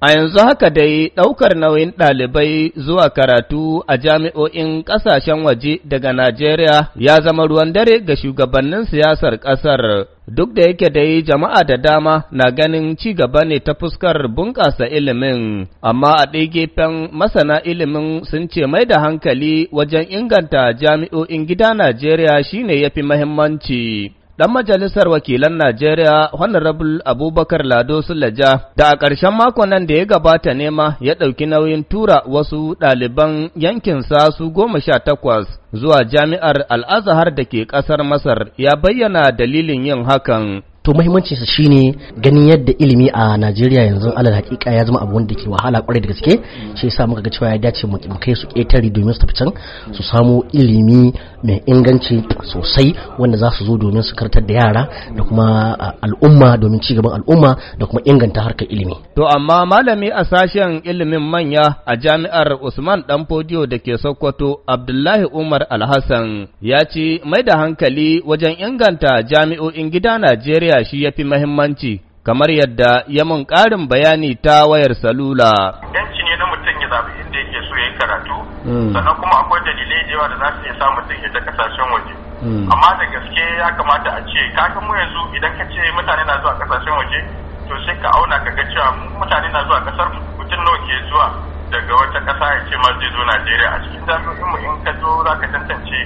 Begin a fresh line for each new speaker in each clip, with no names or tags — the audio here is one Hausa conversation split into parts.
A yanzu haka dai ɗaukar nauyin ɗalibai zuwa karatu a jami'o'in ƙasashen waje daga Najeriya ya zama ruwan dare ga shugabannin siyasar ƙasar. Duk da yake dai jama'a da dama na ganin ci gaba ne ta fuskar bunƙasa ilimin, amma a ɗai gefen masana ilimin sun ce mai da hankali wajen inganta jami'o'in gida Najeriya shine yafi muhimmanci. Ɗan majalisar wakilan Najeriya, Honorable Abubakar Lado Sulaja, da a ƙarshen makon nan da ya gabata nema ya ɗauki nauyin tura wasu ɗaliban yankinsa su goma sha takwas zuwa jami'ar Al-Azhar da ke ƙasar Masar ya bayyana dalilin yin hakan.
to sa shine ganin yadda ilimi a Najeriya yanzu alal hakika ya zama abu wanda ke wahala kwarai da gaske shi yasa muka ga cewa ya dace mu kai su ƙetare domin su tafi can su samu ilimi mai inganci sosai wanda za su zo domin su kartar da yara da kuma al'umma domin ci gaban al'umma da kuma inganta harkar ilimi
to amma malami a sashen ilimin manya a jami'ar Usman Dan Fodiyo da ke Sokoto Abdullahi Umar Alhassan ya ce mai da hankali wajen inganta jami'o'in gida Najeriya shi ya fi mahimmanci kamar yadda ya mun ƙarin bayani ta wayar salula.
Yanci ne na mutum ya zaɓi inda yake so ya yi karatu, hmm. sannan kuma akwai dalilai da yawa da za su iya sa mutum ya ta kasashen waje. Hmm. Amma da gaske ya kamata a ce, kakan mu yanzu idan ka ce mutane na zuwa kasashen waje, to sai ka auna ka ga cewa mutane na zuwa kasar mutum nawa ke zuwa daga wata ƙasa ya ce ma zai zo Najeriya a cikin jami'o'in mu in ka zo za ka tantance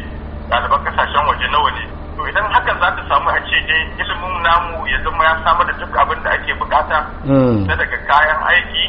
ɗaliban kasashen waje nawa ne. To idan hakan za ta samu a ce dai namu ya zama ya samar da duk abin da ake bukata na hmm. daga kayan aiki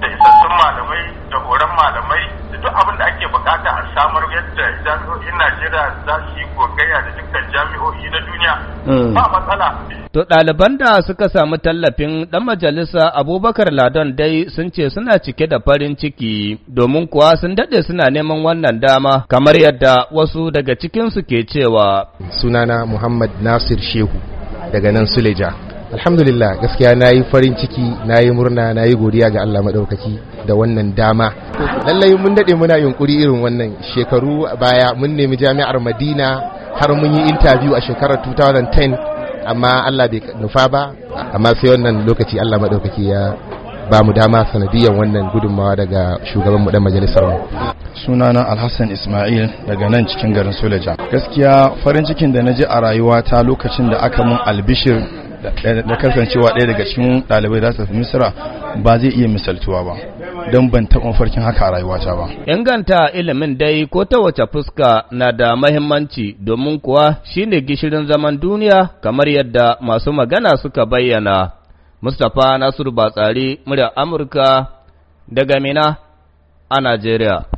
da isassun malamai da horon malamai da duk abin da ake bukata a
samar yadda jami'o'in najeriya za su yi gogayya da dukkan jami'o'i na duniya hmm.
ba matsala To ɗaliban da suka samu tallafin ɗan majalisa Abubakar Ladon dai sun ce suna cike da farin ciki domin kuwa sun daɗe suna neman wannan dama kamar yadda wasu daga cikinsu ke cewa.
Sunana Muhammad Nasir Shehu. daga nan suleja alhamdulillah gaskiya na yi farin ciki na yi murna na yi godiya ga allah maɗaukaki da wannan dama lallai mun daɗe muna yunkuri irin wannan shekaru baya mun nemi jami'ar madina har mun yi interview a shekarar 2010 amma allah bai nufa ba amma sai wannan lokaci allah maɗaukaki ya ba mu dama sanadiyar wannan gudunmawa daga shugaban mu dan majalisar mu sunana alhassan ismail daga nan cikin garin soleja gaskiya farin cikin da na ji a rayuwata lokacin da aka mun albishir da kasancewa ɗaya daga cikin ɗalibai za su tafi misira ba zai iya misaltuwa ba don ban taɓa farkin haka a rayuwata ba.
Inganta ilimin dai ko ta wace fuska na da mahimmanci domin kuwa shine gishirin zaman duniya kamar yadda masu magana suka bayyana. Mustapha Nasiru Batsari, murya Amurka daga Mina a Najeriya.